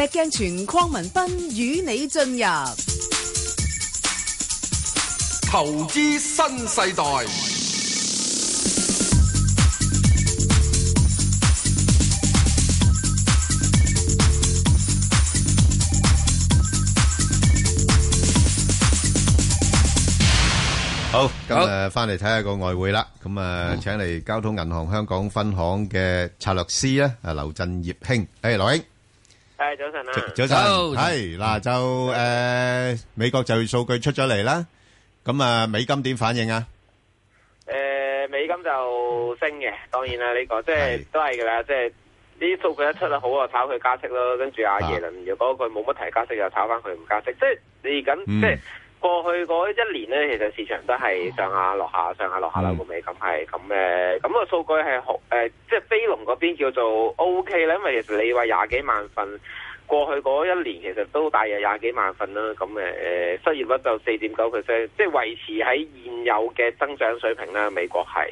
石鏡泉鄺文斌與你進入投資新世代。好，今日翻嚟睇下個外匯啦。咁啊，請嚟交通銀行香港分行嘅策略師咧，阿劉振業兄，誒，劉兄。係早晨啦，早晨係嗱就誒，美國就業數據出咗嚟啦，咁啊美金點反應啊？誒，美金就升嘅，當然啦呢個即係都係噶啦，即係呢啲數據一出得好啊炒佢加息咯，跟住阿耶倫如果佢冇乜提加息又炒翻佢唔加息，即係你咁即係。過去嗰一年呢，其實市場都係上下落下，下、上下落下啦個尾，咁係咁誒，咁個數據係好誒，即、呃、係、就是、非農嗰邊叫做 O K 咧，因為其實你話廿幾萬份。過去嗰一年其實都大約廿幾萬份啦，咁誒誒失業率就四點九 percent，即係維持喺現有嘅增長水平啦。美國係，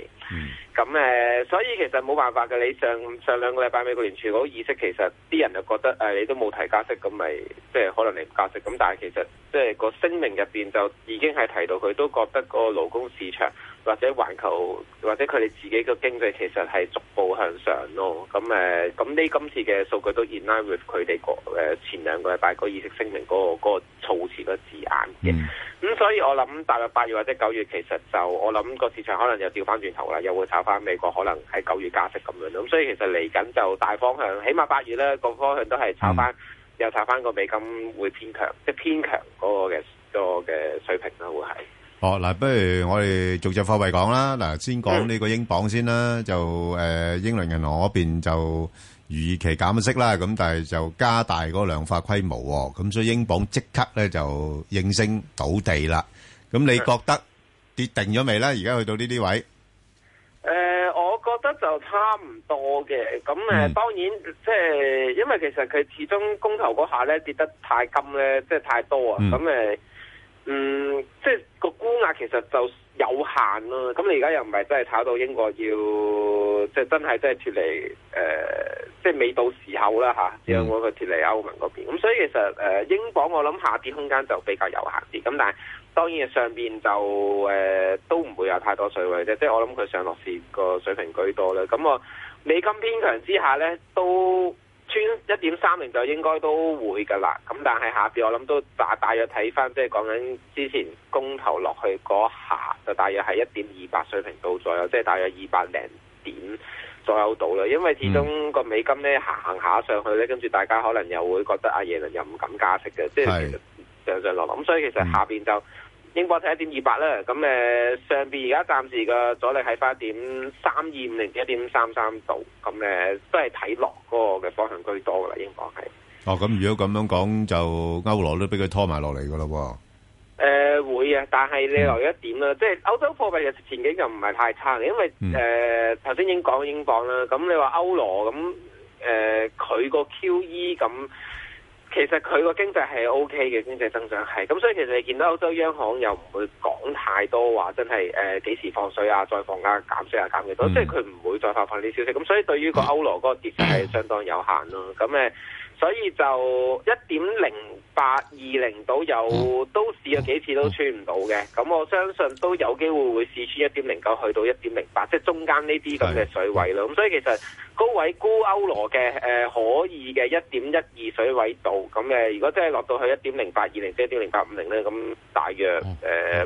咁誒、嗯，所以其實冇辦法嘅。你上上兩個禮拜美國聯儲嗰個議息，其實啲人就覺得誒、呃、你都冇提加息，咁咪即係可能你唔加息。咁但係其實即係個聲明入邊就已經係提到佢都覺得個勞工市場。或者環球或者佢哋自己個經濟其實係逐步向上咯，咁、嗯、誒，咁呢今次嘅數據都 in line with 佢哋個誒前兩個禮拜個意識聲明嗰個措辭個字眼嘅，咁、嗯嗯、所以我諗大約八月或者九月其實就我諗個市場可能又調翻轉頭啦，又會炒翻美國，可能喺九月加息咁樣，咁、嗯、所以其實嚟緊就大方向，起碼八月咧個方向都係炒翻，嗯、又炒翻個美金會偏強，即係偏強嗰個嘅、嗰個嘅水平啦，會係。哦，嗱，不如我哋逐隻貨幣講啦。嗱，先講呢個英鎊先啦，就誒英倫銀行嗰邊就預期減息啦，咁但係就加大嗰個量化規模，咁所以英鎊即刻咧就應聲倒地啦。咁你覺得跌定咗未咧？而家去到呢啲位？誒，我覺得就差唔多嘅。咁誒，當然即係因為其實佢始終公投嗰下咧跌得太急咧，即係太多啊。咁誒。嗯，即係個估額其實就有限咯。咁你而家又唔係真係炒到英國要，即係真係真係脫離，誒、呃，即係未到時候啦嚇。只係我個脫離歐盟嗰邊。咁所以其實誒、呃，英鎊我諗下跌空間就比較有限啲。咁但係當然上邊就誒、呃、都唔會有太多水位啫。即係我諗佢上落市個水平居多啦。咁我美金偏強之下咧，都。穿一點三零就應該都會㗎啦，咁但係下邊我諗都大大約睇翻，即係講緊之前公投落去嗰下就大約係一點二八水平到左右，即係大約二百零點左右到啦。因為始終個美金咧行行下上去咧，跟住大家可能又會覺得阿耶倫又唔敢加息嘅，即係其實上上落落。咁是所以其實下邊就。嗯英鎊係一點二八啦，咁誒上邊而家暫時嘅阻力係返一點三二五零至一點三三度，咁誒都係睇落嗰個嘅方向居多嘅啦，英鎊係。哦，咁如果咁樣講，就歐羅都俾佢拖埋落嚟嘅咯喎。誒、呃、會啊，但係你留意一點啦，嗯、即係歐洲貨幣嘅前景又唔係太差嘅，因為誒頭先已經講英鎊啦，咁你話歐羅咁誒佢個 QE 咁。其實佢個經濟係 OK 嘅，經濟增長係咁，所以其實你見到歐洲央行又唔會講太多話，真係誒幾時放水啊，再放壓、啊、減水啊減幾多，嗯、即係佢唔會再發放啲消息，咁所以對於個歐羅嗰個跌幅係相當有限咯、啊，咁誒。呃所以就一點零八二零度有都試過幾次都穿唔到嘅，咁、嗯、我相信都有機會會試穿一點零九去到一點零八，即係中間呢啲咁嘅水位咯。咁、嗯、所以其實高位沽歐羅嘅誒、呃、可以嘅一點一二水位度，咁誒如果真係落到去一點零八二零，即一點零八五零咧，咁大約誒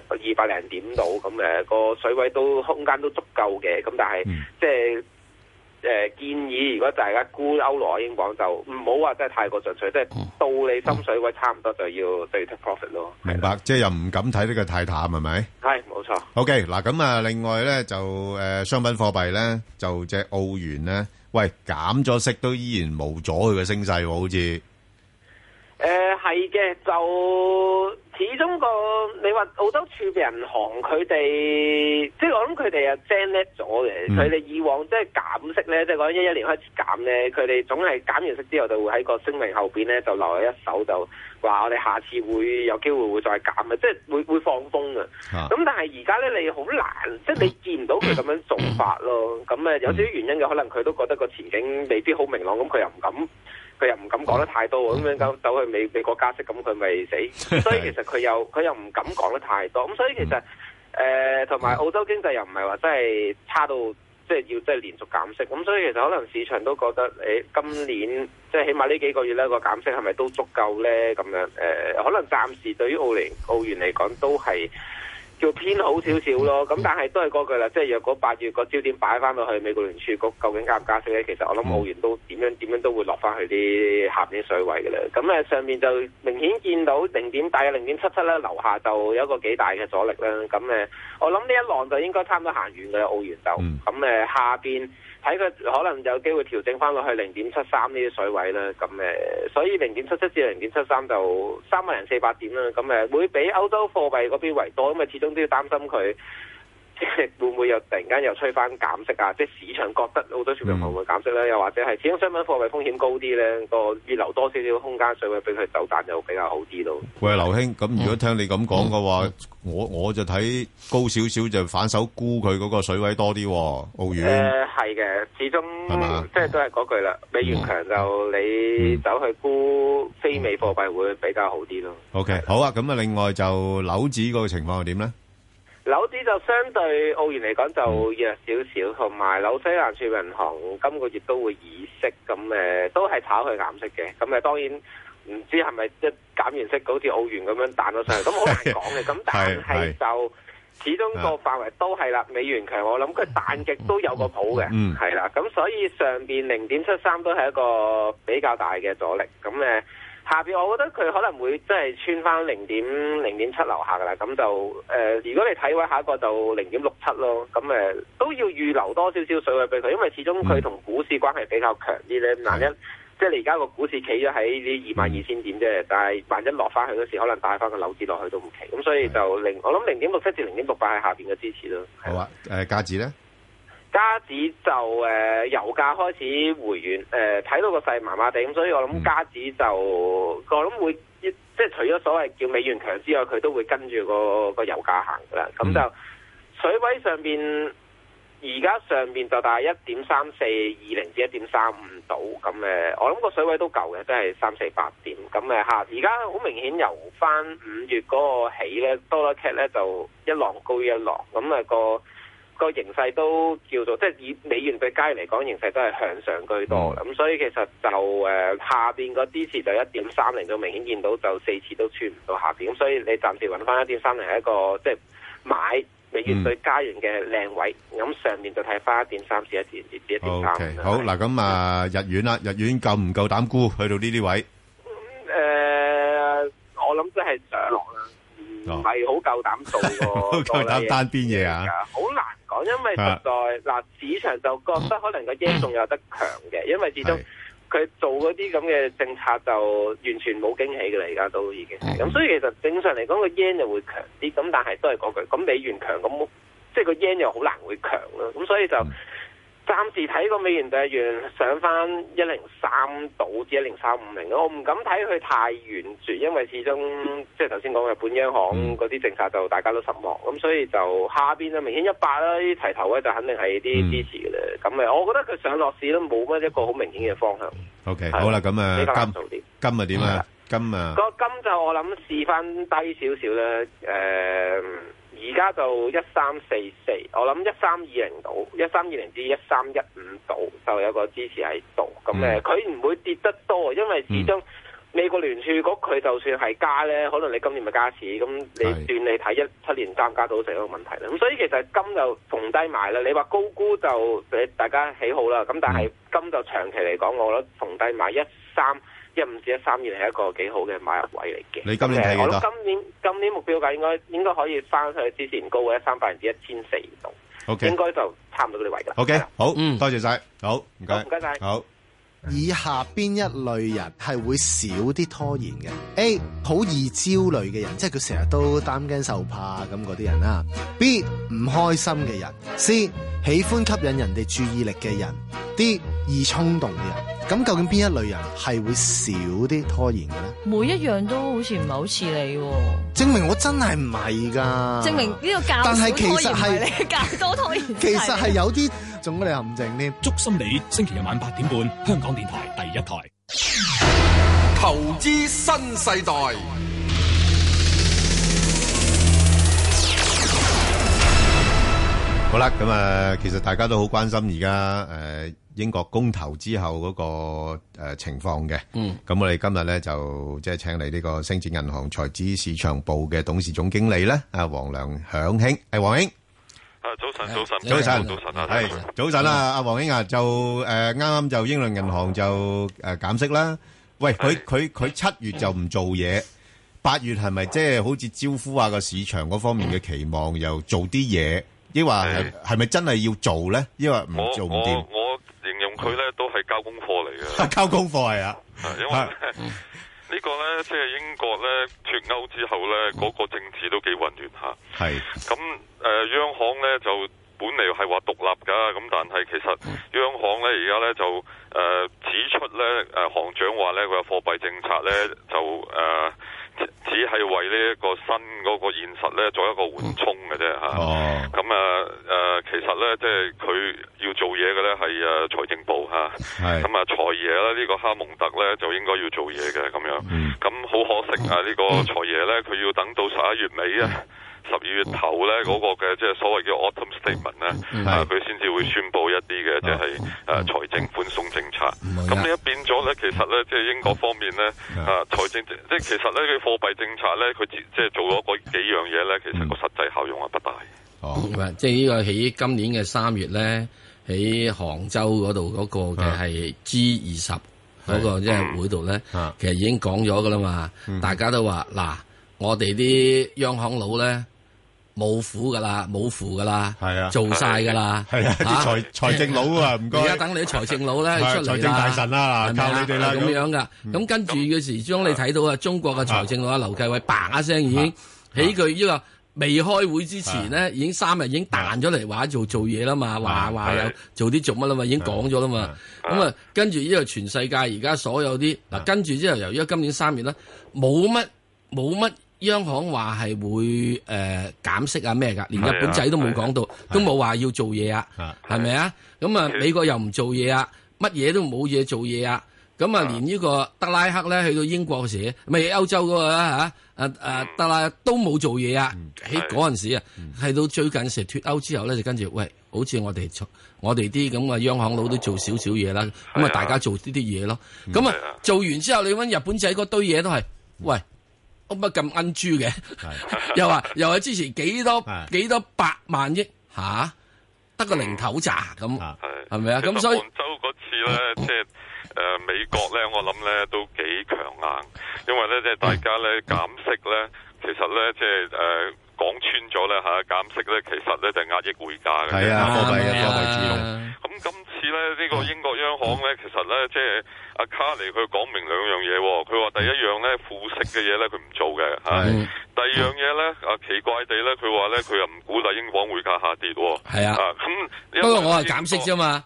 二百零點度，咁誒個水位都空間都足夠嘅，咁但係即係。嗯即係誒、呃、建議，如果大家沽歐羅英鎊就唔好話真係太過進取，嗯、即係到你心水位差唔多就要對 take profit 咯。明白，的即係又唔敢睇呢個太淡，係咪？係，冇錯。OK，嗱咁啊，另外咧就誒、呃、商品貨幣咧，就隻澳元咧，喂減咗息都依然冇阻佢嘅升勢喎，好似誒係嘅，就。始終個你話澳洲儲備銀行佢哋，即係我諗佢哋又精叻咗嘅。佢哋、嗯、以往即係減息咧，即係一一年開始減咧，佢哋總係減完息之後就會喺個聲明後邊咧就留喺一手，就話我哋下次會有機會會再減啊，即係會會放風啊。咁但係而家咧你好難，即係你見唔到佢咁樣做法咯。咁、嗯、啊，嗯、有少少原因嘅，可能佢都覺得個前景未必好明朗，咁佢又唔敢。佢又唔敢講得太多，咁、嗯、樣走走去美美國加息，咁佢咪死 所？所以其實佢又佢又唔敢講得太多，咁所以其實誒同埋澳洲經濟又唔係話真係差到即係、就是、要即係連續減息，咁所以其實可能市場都覺得誒、欸、今年即係、就是、起碼呢幾個月呢、那個減息係咪都足夠呢？咁樣誒、呃、可能暫時對於澳聯澳元嚟講都係。叫偏好少少咯，咁但係都係嗰句啦，即係若果八月個焦點擺翻落去美國聯儲局，究竟加唔加息咧？其實我諗澳元都點樣點樣都會落翻去啲下邊水位嘅咧。咁咧上面就明顯見到零點大約，零點七七咧，樓下就有一個幾大嘅阻力啦。咁咧，我諗呢一浪就應該差唔多行完嘅澳元就，咁咧、嗯、下邊。睇佢可能有機會調整翻落去零點七三呢啲水位啦，咁誒，所以零點七七至零點七三就三萬零四百點啦，咁誒會比歐洲貨幣嗰邊為多，因為始終都要擔心佢。即係會唔會又突然間又吹翻減息啊？即係市場覺得好多市場會唔會減息咧？嗯、又或者係始終商品貨幣風險高啲咧，個預留多少少空間水位俾佢走彈就比較好啲咯。喂，劉兄，咁、嗯、如果聽你咁講嘅話，嗯、我我就睇高少少就反手沽佢嗰個水位多啲澳元。誒、呃，係嘅，始終吧即係都係嗰句啦。美元強就你走去沽非美貨幣會比較好啲咯。嗯、OK，好啊，咁啊，另外就樓指嗰個情況係點咧？樓子就相對澳元嚟講就弱少少，同埋、嗯、紐西蘭儲銀行今個月都會議息，咁誒、呃、都係炒佢減息嘅，咁誒當然唔知係咪一減完息，好似澳元咁樣彈咗上嚟，咁好 難講嘅，咁但係就始終個範圍都係啦，美元強，我諗佢彈極都有個譜嘅、嗯，嗯，係啦、嗯，咁所以上邊零點七三都係一個比較大嘅阻力，咁誒。呃下邊我覺得佢可能會即係穿翻零點零點七樓下噶啦，咁就誒、呃，如果你睇位下一個就零點六七咯，咁、呃、誒都要預留多少少水位俾佢，因為始終佢同股市關係比較強啲咧。嗱，一、嗯、即係你而家個股市企咗喺呢二萬二千點啫，嗯、但係萬一落翻去嗰時，可能帶翻個樓市落去都唔奇。咁所以就零，的我諗零點六七至零點六八係下邊嘅支持咯。好啊，誒、呃、價值咧。家指就誒、呃，油價開始回軟，誒、呃、睇到個勢麻麻地，所以我諗家指就我諗會，即係除咗所謂叫美元強之外，佢都會跟住個個油價行噶啦。咁就、嗯、水位上邊而家上邊就大約一點三四二零至一點三五度，咁誒，我諗個水位都夠嘅，即係三四八點。咁誒吓，而家好明顯由翻五月嗰個起咧，多咗 cat 咧就一浪高一浪，咁、那、啊個。個形勢都叫做，即係以美元對加元嚟講，形勢都係向上居多。咁、oh. 嗯、所以其實就誒、呃、下邊個支持就一點三零都明顯見到，就四次都穿唔到下邊。咁所以你暫時揾翻一點三零係一個即係買美元對加元嘅靚位。咁、mm. 嗯、上面就睇翻一點三至一點二一點三。好嗱，咁啊日元啦，日元夠唔夠膽沽？去到呢啲位？誒、嗯呃，我諗即係上落啦。唔係好夠膽做喎， 夠膽單邊嘢啊？好難講，因為實在嗱的、啊，市場就覺得可能個 yen 仲有得強嘅，因為始終佢做嗰啲咁嘅政策就完全冇驚喜嘅啦，而家都已經咁的，所以其實正常嚟講個 yen 又會強啲，咁但係都係嗰句，咁美元強咁，即係個 yen 又好難會強囉，咁所以就。嗯暫時睇個美元兌日圓上翻一零三到至一零三五零咯，我唔敢睇佢太遠住，因為始終即係頭先講日本央行嗰啲政策就大家都失望，咁、嗯嗯、所以就下邊咧明顯一百啦，啲提頭咧就肯定係啲支持嘅啦。咁啊、嗯嗯，我覺得佢上落市都冇乜一個好明顯嘅方向。O Okay , K，是好啦，咁啊，金點？金啊點啊？金啊？個金就我諗試翻低少少咧，誒、呃。而家就一三四四，我諗一三二零到一三二零至一三一五到，就有一個支持喺度。咁、嗯、咧，佢唔、嗯、會跌得多，因為始終美國聯儲局佢就算係加咧，可能你今年咪加市，咁你算你睇一七年三加到成一個問題啦。咁是所以其實金就逢低買啦。你話高估就誒大家喜好啦。咁但係金就長期嚟講，我覺得逢低買一三。一五至一三二零係一個幾好嘅買入位嚟嘅。你今年睇幾多？今年今年目標價應該應該可以翻去之前高嘅一三百分之一千四度。O Okay . K，應該就差唔多呢啲位噶。O K，好，嗯，多謝晒，好，唔該，唔該晒。好， 以下邊一類人係會少啲拖延嘅：A，好易焦慮嘅人，即係佢成日都擔驚受怕咁嗰啲人啦；B，唔開心嘅人；C，喜歡吸引人哋注意力嘅人；D，易衝動嘅人。D, 咁究竟邊一類人係會少啲拖延嘅咧？每一樣都好似唔係好似你、啊，證明我真係唔係噶。證明呢個教，但係其實係你教 多拖延， 其實係有啲，仲有啲陷阱添。《祝心你》星期日晚八點半，香港電台第一台。投資新世代。好啦，咁啊，其實大家都好關心而家誒。呃英國公投之後嗰個誒情況嘅，咁我哋今日咧就即係請嚟呢個星展銀行財資市場部嘅董事總經理咧，阿王良享兄，係王兄。啊，早晨，早晨，早晨，早晨啊，係早晨啊，阿王兄啊，就誒啱啱就英倫銀行就誒減息啦。喂，佢佢佢七月就唔做嘢，八月係咪即係好似招呼下個市場嗰方面嘅期望，又做啲嘢？抑或係係咪真係要做咧？抑或唔做唔掂。佢咧都係交， 交功課嚟嘅，交功課係啊，因為 個呢個咧即係英國咧脱歐之後咧，嗰、嗯、個政治都幾混亂嚇。係咁、誒，央行咧就本嚟係話獨立噶，咁但係其實央行咧而家咧就誒指出咧誒行長話咧佢有貨幣政策咧就誒、呃、只係為呢一個新嗰個現實咧做一個緩衝嘅啫嚇。嗯、哦，咁啊誒，其實咧即係佢要。嘅咧係誒財政部嚇，咁啊，啊的財爺啦，呢個哈蒙特咧就應該要做嘢嘅咁樣，咁好、嗯、可惜啊呢、這個財爺咧佢要等到十一月尾啊十二月頭咧嗰、那個嘅即係所謂嘅 autumn statement 咧啊佢先至會宣布一啲嘅即係誒財政寬鬆政策，咁呢、嗯、一變咗咧其實咧即係英國方面咧啊財政即係其實咧嘅貨幣政策咧佢即係做咗個幾樣嘢咧，其實個實際效用啊不大哦、嗯，即係、這、呢個喺今年嘅三月咧。呢喺杭州嗰度嗰個嘅係 G 二十嗰個即係會度咧，其實已經講咗噶啦嘛，大家都話嗱，我哋啲央行佬咧冇符噶啦，冇符噶啦，係啊，做晒噶啦，係啊，財財政佬啊，唔該，而家等你啲財政佬咧出嚟財政大臣啦、啊，靠你哋啦，咁、啊就是、樣噶，咁跟住嘅時鐘你睇到啊，中國嘅財政佬啊，樓繼偉嘭一聲已經起佢呢、這個。未開會之前呢，已經三日已經彈咗嚟，話做做嘢啦嘛，話話又做啲做乜啦嘛，已經講咗啦嘛。咁啊，跟住呢個全世界而家所有啲嗱，跟住之後由於今年三月咧，冇乜冇乜央行話係會誒減息啊咩噶，連日本仔都冇講到，都冇話要做嘢啊，係咪啊？咁啊，美國又唔做嘢啊，乜嘢都冇嘢做嘢啊。咁啊，連呢個德拉克咧去到英國時，咪歐洲嗰個啦嚇，阿阿德拉都冇做嘢啊，喺嗰陣時啊，係到最近成脱歐之後咧，就跟住喂，好似我哋我哋啲咁嘅央行佬都做少少嘢啦，咁啊大家做呢啲嘢咯，咁啊做完之後，你揾日本仔嗰堆嘢都係，喂，乜咁奀豬嘅，又話又話之前幾多幾多百萬億嚇，得個零頭咋咁，係咪啊？咁所以。誒、呃，美國咧，我諗咧都幾強硬，因為咧即係大家咧減息咧，其實咧即係誒講穿咗咧吓，減、啊、息咧其實咧就壓抑匯價嘅，貨幣，咁今次咧呢個、啊、英國央行咧，其實咧即係阿卡尼佢講明兩樣嘢，佢話第一樣咧負息嘅嘢，咧佢唔做嘅，係、啊啊、第二樣嘢咧啊，奇怪地咧佢話咧佢又唔鼓勵英鎊匯價下跌喎。係啊，咁不過我係減息啫嘛。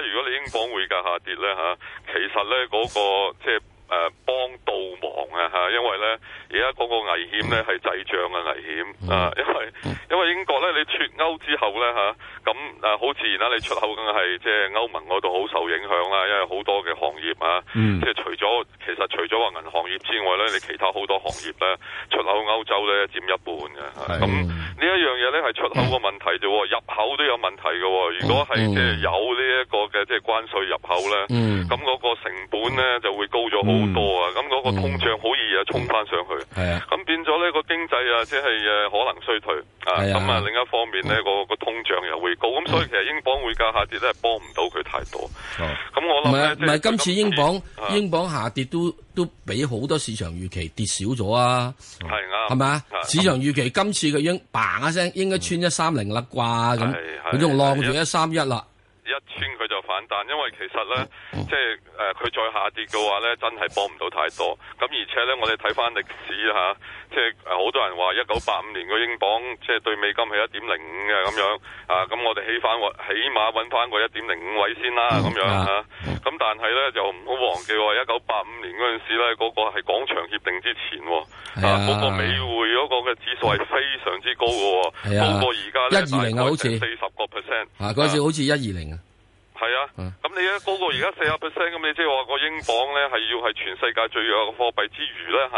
咧，如果你英鎊匯價下跌咧吓、啊、其實咧嗰、嗰個即係。即係誒，幫到、啊、忙啊吓，因為咧而家嗰個危險咧係滯漲嘅危險啊，因為、嗯啊啊、因為因為英國咧你脫歐之後咧吓，咁誒好自然啦、啊，你出口梗係即係歐盟嗰度好受影響啦、啊，因為好多嘅行業啊，嗯、即係除咗其實除咗話銀行業之外咧，你其他好多行業咧出口歐洲咧佔一半嘅，咁、嗯、呢一樣嘢咧係出口個問題啫，入口都有問題嘅、啊，如果係即係有呢、這、一個嘅即係關稅入口咧，咁嗰個成本咧就會高咗好。多啊，咁嗰個通脹好易啊衝翻上去，咁變咗呢個經濟啊，即係誒可能衰退啊，咁啊另一方面咧個通脹又會高，咁所以其實英鎊匯價下跌咧係幫唔到佢太多。咁我諗唔係唔係今次英鎊英鎊下跌都都比好多市場預期跌少咗啊，係啊，係咪啊？市場預期今次佢嘭一聲應該穿一三零啦啩，咁佢仲晾住一三一啦。因為其實咧，即係誒佢再下跌嘅話咧，真係幫唔到太多。咁而且咧，我哋睇翻歷史嚇、啊，即係誒好多人話一九八五年個英鎊即係對美金係一點零五嘅咁樣。啊，咁我哋起翻起碼揾翻個一點零五位先啦咁樣嚇。咁但係咧就唔好忘記話一九八五年嗰陣時咧，嗰、嗰個係廣場協定之前喎。嗰、哎呀啊嗰個美匯嗰個嘅指數係非常之高嘅喎。係啊，一二零好似四十個 percent。啊，嗰時好似一二零啊。啊係啊，咁你一高過而家四十 percent，咁你即係話個英鎊咧係要係全世界最弱嘅貨幣之餘咧吓，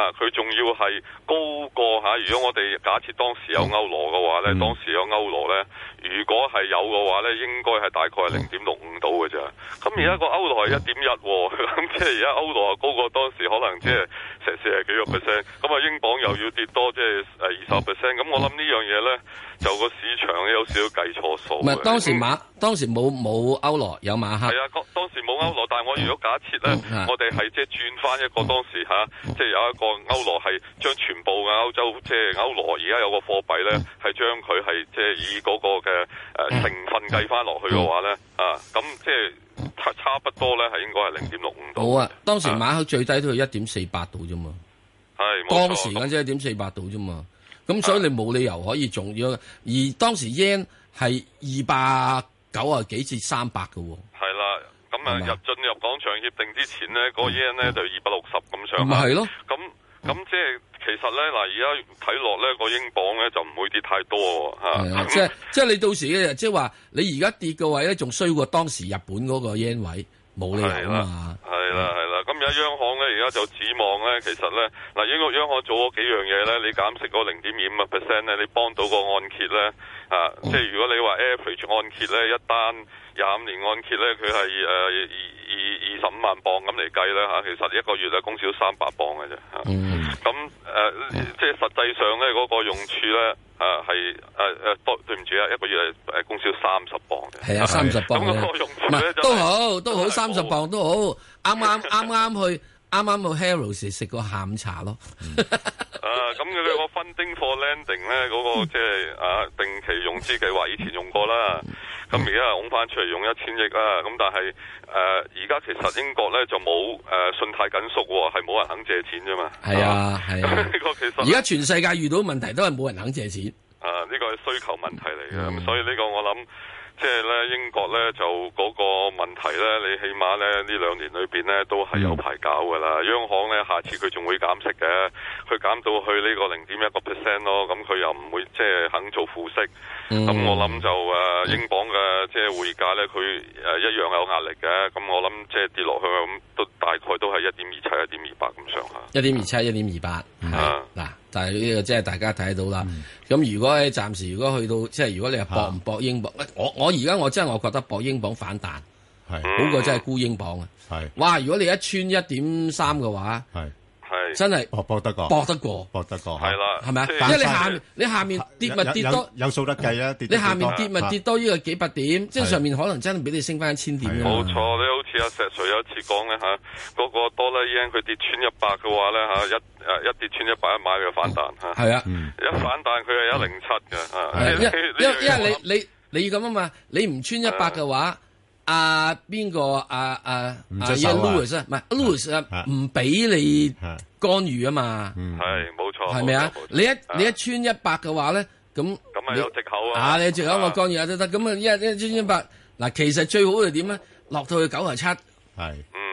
啊佢仲、啊、要係高過吓、啊嗯。如果我哋假設當時有歐羅嘅話咧，當時有歐羅咧，如果係有嘅話咧，應該係大概係零點六五到嘅啫。咁而家個歐羅係一點一，咁即係而家歐羅又高過當時可能即係成四十幾個 percent。咁啊、嗯，英鎊又要跌多即係誒二十 percent。咁、就是、我諗呢樣嘢咧。就個市場有少少計錯數。唔係當時馬，當時冇冇歐羅，有馬克。係啊、嗯，嗯、當時冇歐羅，但係我如果假設咧，我哋係即係轉翻一個當時吓、啊，即係有一個歐羅係將全部嘅歐洲即係歐羅，而家有個貨幣咧係將佢係即係以嗰個嘅誒成分計翻落去嘅話咧，啊咁即係差差不多咧係應該係零點六五度。好啊、嗯嗯，當時馬克最低都係一點四八度啫嘛，係、嗯嗯、當時啱先一點四八度啫嘛。咁、嗯、所以你冇理由可以仲要，而當時 yen 係二百九啊幾至三百嘅喎。係啦，咁啊入進入廣場協定之前咧，個 yen 咧就二百六十咁上。咪係咯，咁咁即係其實咧嗱，而家睇落咧個英鎊咧就唔會跌太多啊。即即係你到時即係話，你而家跌嘅位咧，仲衰過當時日本嗰個 yen 位。冇啦，啊係啦係啦，咁而家央行咧，而家就指望咧，其實咧，嗱，英國央行做咗幾樣嘢咧，你減息嗰零點五啊 percent 咧，你幫到個按揭咧，啊，即係如果你話 average 按揭咧，一單廿五年按揭咧，佢係誒二二，啊十五萬鎊咁嚟計咧嚇，其實一個月啊供少三百鎊嘅啫。咁誒、嗯，呃嗯、即係實際上咧嗰個用處咧，誒係誒誒對對唔住啊，一個月誒供少三十鎊嘅。係啊，三十鎊咁嘅、啊啊、用處咧就都好都好，三十鎊都好，啱啱啱啱去。啱啱去 Harrods 食個下午茶咯、 uh, 那那，啊咁佢咧個 funding for landing 咧嗰個即係啊定期融資計劃以前用過啦，咁而家拱翻出嚟用一千億啊，咁但係誒而家其實英國咧就冇誒、呃、信貸緊縮，係冇人肯借錢啫嘛，係啊係，而家全世界遇到問題都係冇人肯借錢。啊！呢個係需求問題嚟嘅，咁、mm, 所以呢個我諗，即係咧英國咧就嗰個問題咧，你起碼咧呢兩年裏邊咧都係有排搞噶啦。央行咧下次佢仲會減息嘅，佢減到去呢個零點一個 percent 咯。咁佢又唔會即係、即係、肯做負息。咁、mm, 嗯嗯、我諗就誒，英鎊嘅即係匯價咧，佢誒一樣有壓力嘅。咁、嗯、我諗即係跌落去咁，都大概都係一點二七、一點二八咁上下。一點二七、一點二八係嗱。但係呢個真係大家睇到啦。咁、嗯、如果你暫時如果去到即係、就是、如果你係博唔博英鎊、啊、我我而家我真係我覺得博英鎊反彈是，好過真係沽英鎊啊！哇是！如果你一穿一點三嘅話，嗯係真係，搏得過，搏得過，搏得過，係啦，係咪啊？即係你下，你下面跌咪跌多，有數得計啊！跌你下面跌咪跌多呢個幾百點，即係上面可能真係俾你升翻一千點。冇錯，你好似阿石 Sir 有一次講嘅，吓，嗰個多啦 yen 佢，跌穿一百嘅話咧吓，一誒一跌穿一百一買就反彈吓，係啊，一反彈佢係一零七嘅，吓。因因因為你你你咁啊嘛，你唔穿一百嘅話。阿邊個啊，啊，阿阿 Luis 唔係 Luis 唔俾你干預啊嘛，係冇錯，係咪啊？你一你一穿一百嘅話咧，咁咁咪有藉口啊？啊，你藉口我干預下都得，咁啊一一穿一百嗱，其實最好係點咧？落到去九七係。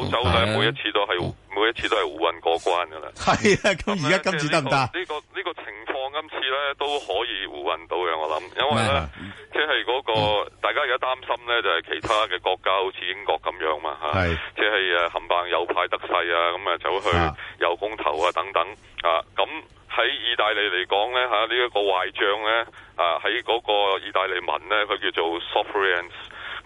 澳洲每一次都係、嗯、每一次都係胡混過關噶啦，係啊！咁而家今次得唔得？呢、這個呢、這個這個情況今次咧都可以胡混到嘅，我諗，因為咧即係嗰個、嗯、大家而家擔心咧就係其他嘅國家好似英國咁樣嘛吓，即係誒，冚棒右派得勢啊，咁啊走去有公投啊等等啊，咁喺、啊、意大利嚟講咧吓呢一個壞賬咧啊喺嗰個意大利文咧佢叫做 sufferance。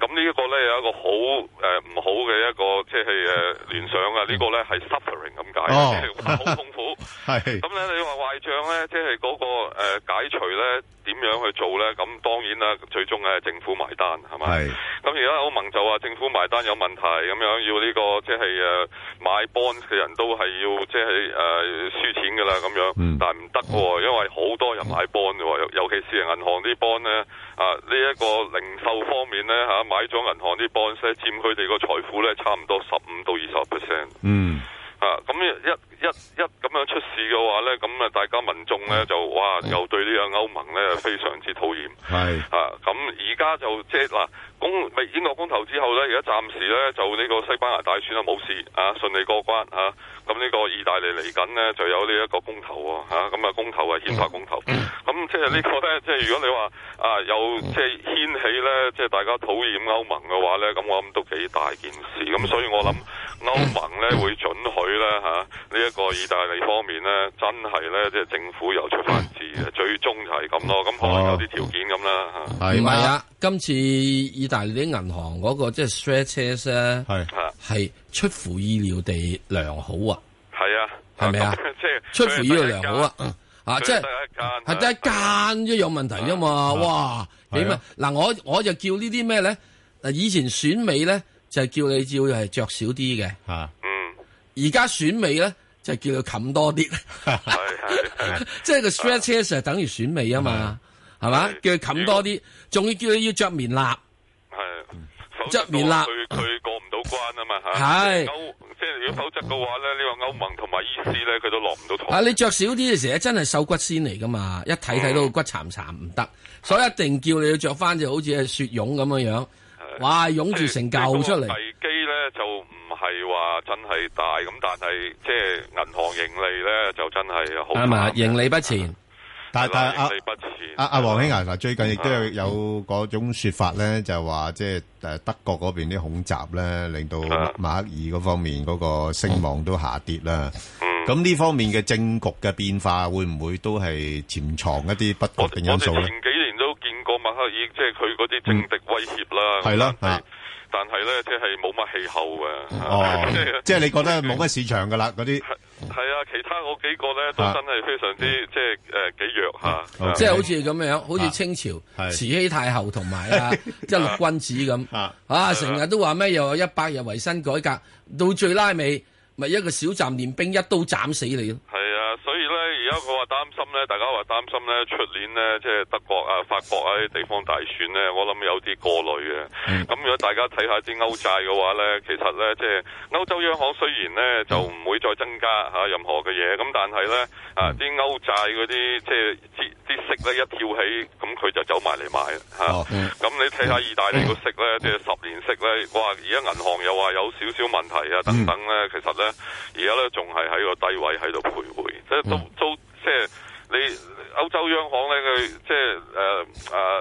咁呢一個咧有一個好誒唔、呃、好嘅一個，即係誒聯想啊，呃這個、呢個咧係 suffering 咁解，即係好痛苦。係咁咧，你話壞賬咧，即係嗰、嗰個誒、呃、解除咧。咁樣去做呢，咁當然啦，最終係政府埋單，係咪？咁而家歐盟就話政府埋單有問題，咁樣要呢、呢個即係誒買 bond 嘅人都係要即係誒、呃、輸錢嘅啦，咁樣。嗯、但係唔得喎，因為好多人買 bond 喎，尤其是銀行啲 bond 咧。啊，呢、呢、一個零售方面呢，吓買咗銀行啲 bonds 佔佢哋個財富呢，差唔多十五到二十 percent。嗯。啊，咁、嗯啊、一。一一，咁樣出事嘅話呢，咁啊大家民眾呢就哇又對呢個歐盟呢非常之討厭。係是啊，咁而家就即係嗱，公英國公投之後呢，而家暫時呢就呢個西班牙大選啊冇事啊順利過關啊。咁呢個意大利嚟緊呢就有呢一個公投喎，咁啊公投係憲法公投。咁即係呢個呢，即、就、係、是、如果你話啊又即係掀起呢，即、就、係、是、大家討厭歐盟嘅話呢，咁我諗、啊、都幾大件事。咁、啊、所以我諗。嗯嗯歐盟咧會准許咧，吓，呢一個意大利方面咧真係咧即係政府又出翻字嘅，最終就係咁咯，咁可能有啲條件咁啦。係唔係啊？今次意大利啲銀行嗰個即係 stress 咧，係係出乎意料地良好啊！係啊，係咪啊？即係出乎意料良好啊！啊，即係得一間，係得一間啫有問題啫嘛！哇，點啊？嗱，我我就叫呢啲咩咧？嗱，以前選美咧。就叫你要係着少啲嘅，吓，嗯，而家選美咧就叫佢冚多啲，係係，即係個 Sweatshirts 係等於選美啊嘛，係嘛，叫佢冚多啲，仲要叫你要着棉衲，係，着棉衲佢過唔到關啊嘛，係，即係如果否則嘅話咧，呢個歐盟同埋伊斯咧，佢都落唔到台。啊，你着少啲嘅時候，真係瘦骨仙嚟噶嘛，一睇睇到骨殘殘唔得，所以一定叫你要着翻就好似係雪絨咁樣樣。哇！湧住成舊出嚟，危機咧就唔係話真係大咁，但係即係銀行盈利咧就真係好。係嘛，盈利不前，但係但係阿阿王兄啊，最近亦都有嗰吧種說法咧，就係話即係誒德國嗰邊啲恐襲咧，令到馬克爾嗰方面嗰個聲望都下跌啦。嗯吧，咁呢方面嘅政局嘅變化會唔會都係潛藏一啲不確定因素咧？即係佢嗰啲政敵威脅啦，係啦，但係咧即係冇乜氣候嘅，即係即係你覺得冇乜市場噶啦嗰啲，係啊，其他嗰幾個咧都真係非常之即係誒幾弱吓，即係好似咁樣，好似清朝慈禧太后同埋啊即係六君子咁，啊成日都話咩又一百日維新改革，到最拉尾咪一個小站練兵一刀斬死你。我話擔心咧，大家話擔心咧，出年咧即係德國啊、法國啊啲地方大選咧，我諗有啲過慮嘅。咁、嗯、如果大家睇下啲歐債嘅話咧，其實咧即係歐洲央行雖然咧就唔會再增加吓任何嘅嘢，咁但係咧啊啲歐債嗰啲即係啲息咧一跳起，咁佢就走埋嚟買吓。咁、啊哦嗯、你睇下意大利個息咧，嗯、即係十年息咧，哇而家銀行又話有少少問題啊等等咧，嗯、其實咧而家咧仲係喺個低位喺度徘徊，即係都都。嗯即係你歐洲央行咧，佢即係誒誒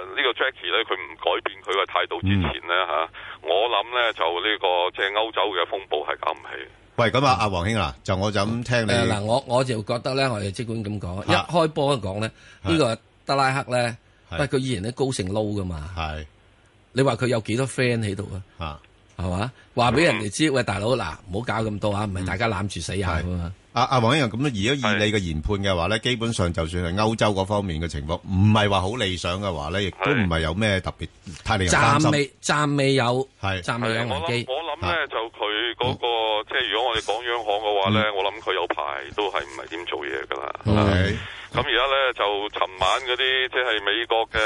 呢個 Jackie 咧，佢唔改變佢嘅態度之前咧吓、嗯啊，我諗咧就呢、這個即係歐洲嘅風暴係搞唔起。喂，咁啊，阿黃兄啊，就我就咁聽你嗱、呃呃，我我就覺得咧，我哋即管咁講，啊、一開波一講咧，呢、這個德拉克咧，不過佢依然咧高盛撈噶嘛，係你話佢有幾多 friend 喺度啊？係嘛？話俾人哋知、嗯、喂，大佬嗱，唔、嗯、好搞咁多啊，唔係大家攬住死下啊。阿阿王良享咁咧，如果以你嘅研判嘅話咧，基本上就算係歐洲嗰方面嘅情況，唔係話好理想嘅話咧，亦都唔係有咩特別是太令人擔心。暫未暫未有係暫未有危機。咁咧就佢嗰個即係如果我哋講央行嘅話咧，嗯、我諗佢有排都係唔係點做嘢噶啦。咁而家咧就尋晚嗰啲即係美國嘅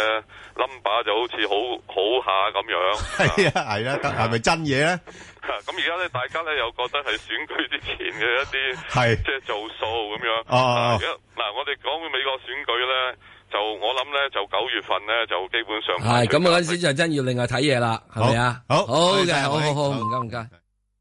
number 就好似好好下咁樣。係啊係啊，係咪、 啊啊、真嘢咧？咁而家咧大家咧又覺得係選舉之前嘅一啲即係做數咁樣 oh, oh, oh. 啊。啊，嗱我哋講美國選舉咧。就我諗咧，就九月份咧，就基本上係咁啊！嗰陣時就真要另外睇嘢啦，係咪啊？好，好嘅吧，好好好，唔該唔該。